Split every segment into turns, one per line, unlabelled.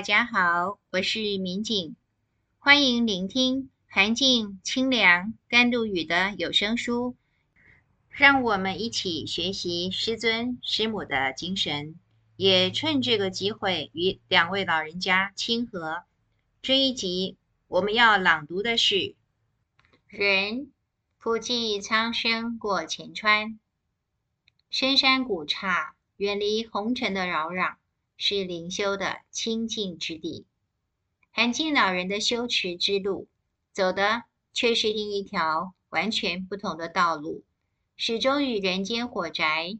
大家好，我是民警，歡迎聆聽涵靜、清涼、甘露雨的有聲書。讓我們一起學習師尊、師母的精神，也趁這個機會與兩位老人家親和。這一集我們要朗讀的是：“仁：普濟蒼生過前川，深山古剎遠離紅塵的擾攘。”是靈修的清淨之地。涵靜老人的修持之路走的卻是另一條完全不同的道路，始終與人間火宅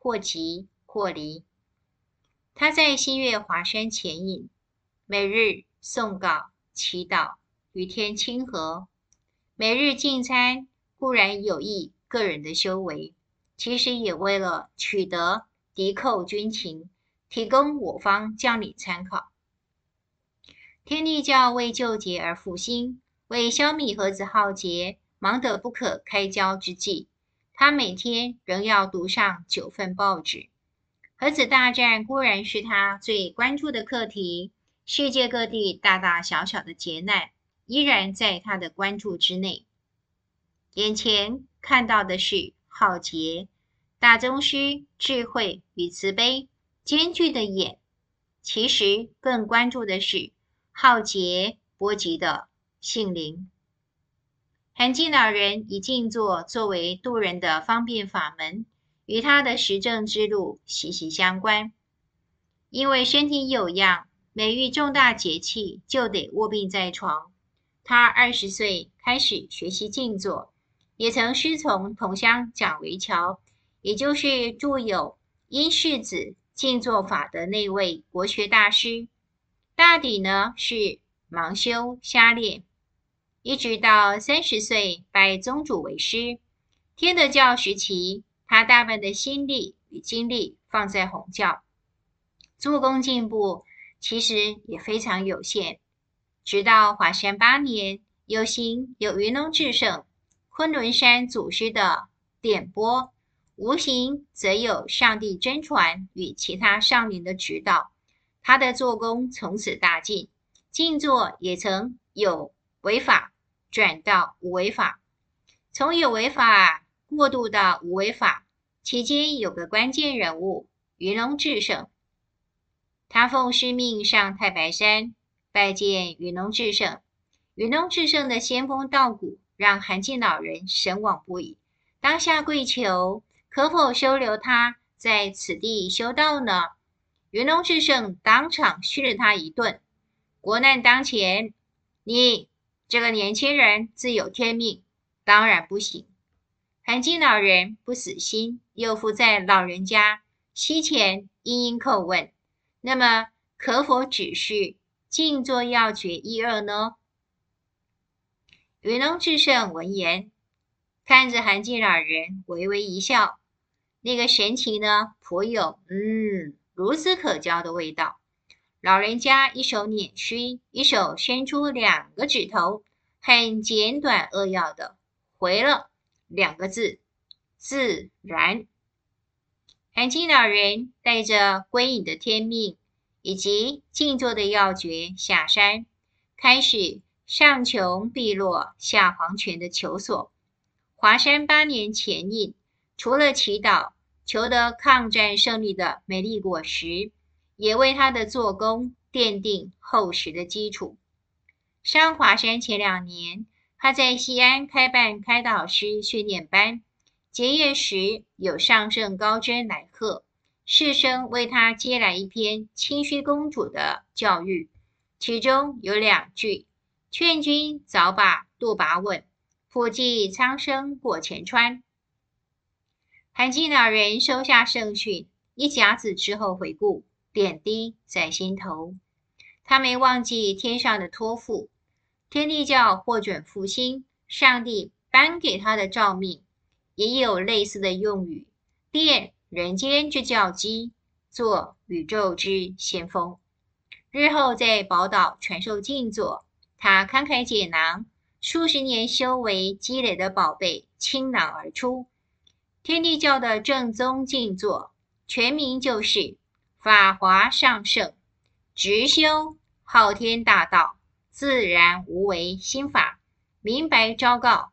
或即或離。他在新月華山潛隱，每日誦誥、祈禱與天親和，每日進餐固然有益個人的修為，其實也為了取得敵寇軍情。提供我方將領參考。天帝教為救劫而復興，為消滅核子浩劫，忙得不可開交之際，他每天仍要讀上九份報紙。核子大戰固然是他最關注的課題，世界各地大大小小的劫難依然在他的關注之內。眼前看到的是浩劫，大宗師智慧與慈悲。艱巨的演，其實更關注的是浩劫波及的性靈。涵靜老人以靜坐作為渡人的方便法門，與他的實證之路息息相關。因為身體有恙，每遇重大節氣就得臥病在床。他二十歲開始學習靜坐，也曾師從同鄉蔣維喬，也就是著有《因是子》。靜坐法的那位國學大師，大抵呢是盲修瞎練，一直到三十歲拜宗主為師，天德教時期，他大半的心力與精力放在弘教，坐功進步其實也非常有限。直到華山八年，有幸有雲龍至聖昆崙山祖師的點撥。無形則有上帝真傳與其他上靈的指導，他的坐功從此大進，靜坐也曾有為法轉到無為法，從有為法過渡到無為法，其間有個關鍵人物雲龍至聖，他奉師命上太白山拜見雲龍至聖，雲龍至聖的仙風道骨讓涵靜老人神往不已，當下跪求。可否收留他在此地修道呢？雲龍至聖當場訓了他一頓國難當前，你這個年輕人自有天命，當然不行。涵靜老人不死心，又附在老人家膝前殷殷叩問：“那麼可否指示靜坐要訣一二呢？”雲龍至聖聞言，看着涵靜老人，微微一笑。那個神情呢，頗有“嗯，孺子可教”的味道。老人家一手捻鬚，一手伸出兩個指頭，很簡短扼要的回了兩個字：“自然。”涵靜老人帶着歸隱的天命以及靜坐的要訣下山，開始上窮碧落下黃泉的求索。華山八年潛隱，除了祈禱。求得抗戰勝利的美麗果實，也為他的做工奠定厚實的基礎。上華山前兩年，他在西安開辦開導師訓練班，結業時有上聖高真來賀，世生為他接來一篇《清虛公主》的教育，其中有兩句：“勸君早把舵把穩，普濟蒼生過前川。”涵靜老人收下聖訓，一甲子之後回顧點滴在心頭。他沒忘記天上的托付，天帝教獲准復興，上帝頒給他的詔命，也有類似的用語：奠人間之教基，做宇宙之先鋒。日後在寶島傳授靜坐，他慷慨解囊，數十年修為積累的寶貝傾囊而出。天帝教的正宗靜坐，全名就是《法華上乘直修昊天大道自然無為心法》，明白昭告，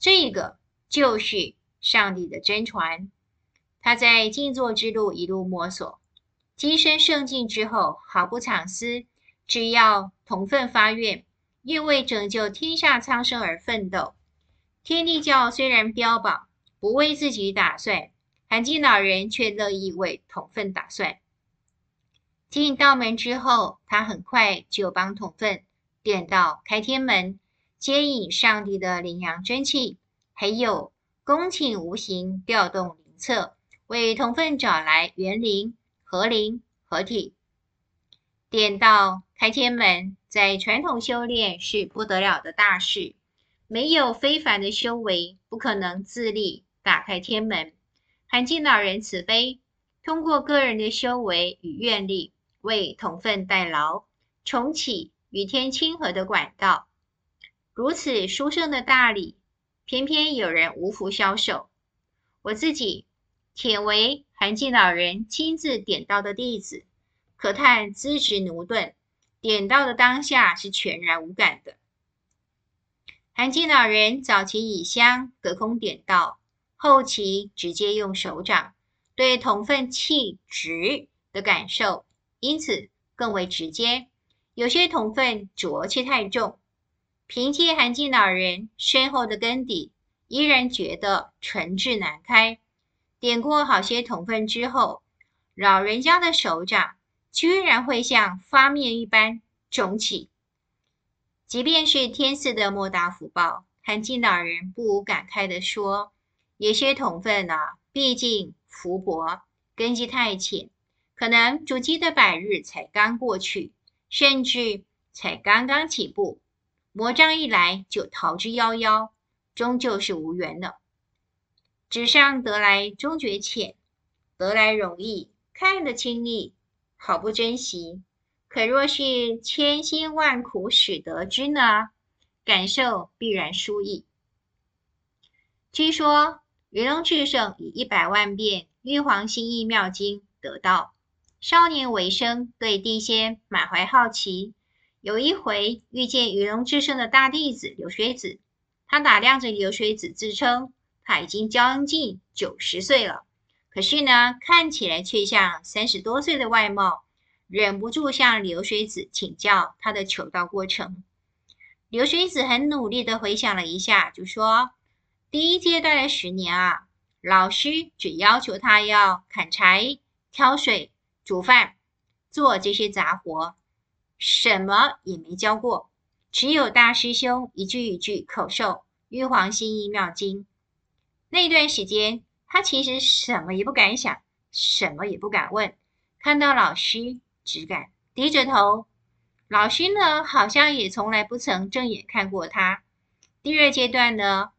這個就是上帝的真傳。他在靜坐之路一路摸索，今生聖境之後，毫不藏私，只要同奮發願，願為拯救天下蒼生而奮鬥。天帝教雖然標榜。不為自己打算，涵靜老人卻樂意為同奮打算。進道門之後，他很快就幫同奮點道開天門，接引上帝的靈陽真氣，還有恭請無形調動靈冊，為同奮找來原靈合靈合體。點道開天門，在傳統修煉是不得了的大事，沒有非凡的修為，不可能自立。打開天門，涵靜老人慈悲，通過個人的修為與願力，為同奮代勞，重啟與天親和的管道。如此殊勝的大禮，偏偏有人無福消受。我自己，忝為涵靜老人親自點道的弟子，可嘆資質駑鈍，點道的當下是全然無感的。涵靜老人早期以香隔空點道。後期直接用手掌對同奮氣質，的感受，因此更為直接。有些同奮濁氣太重，憑借涵靜老人深厚的根底，依然覺得唇質難開。點過好些同奮之後，老人家的手掌居然會像發麵一般腫起。即便是天賜的莫大福報，涵靜老人不無感慨地說。有些同奮呢、啊，畢竟福薄，根基太淺，可能築基的百日才剛過去，甚至才剛剛起步，魔障一來就逃之夭夭，終究是無緣了。紙上得來終覺淺，得來容易，看得輕易，好不珍惜。可若是千辛萬苦始得之呢？感受必然殊異。據說雲龍至聖以一百萬遍《玉皇心意妙經》得道。少年維生對地仙滿懷好奇，有一回遇見雲龍至聖的大弟子流水子，他打量着流水子，自稱他已經將近九十歲了，可是呢，看起來卻像三十多歲的外貌，忍不住向流水子請教他的求道過程。流水子很努力地回想了一下，就說。第一階段的十年啊，老師只要求他要砍柴、挑水、煮飯、做這些雜活，什麼也沒教過，只有大師兄一句一句口授《玉皇心印妙經》。那一段時間，他其實什麼也不敢想，什麼也不敢問，看到老師只敢低着頭。老師呢，好像也從來不曾正眼看過他。第二階段呢？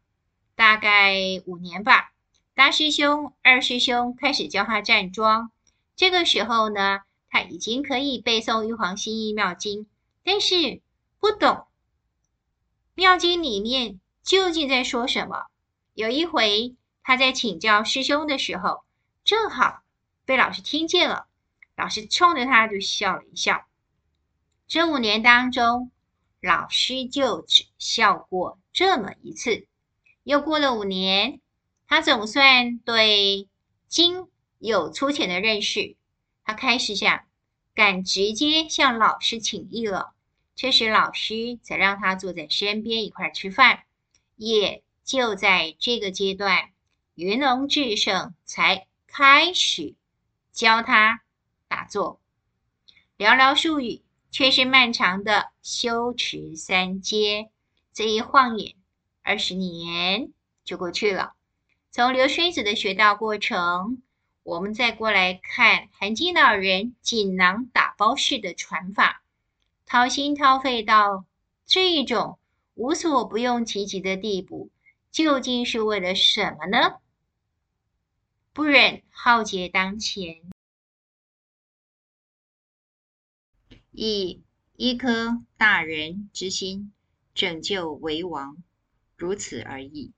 大概五年吧，大師兄、二師兄開始教他站樁。這個時候呢，他已經可以背誦《玉皇心印妙經》，但是不懂妙經裡面究竟在說什麼。有一回，他在請教師兄的時候，正好被老師聽見了，老師衝着他就笑了一笑。這五年當中，老師就只笑過這麼一次。又過了五年，他總算對經有粗淺的認識。他開始想敢直接向老師請益了，這時老師才讓他坐在身邊一塊兒吃飯。也就在這個階段，雲龍至聖才開始教他打坐。寥寥數語，卻是漫長的修持三階。這一晃眼。二十年就過去了。從流水子的學道過程，我們再過來看涵靜老人錦囊打包式的傳法，掏心掏肺到這一種無所不用其極的地步，究竟是為了什麼呢？不忍浩劫當前，以一顆大仁之心拯救為王，如此而已。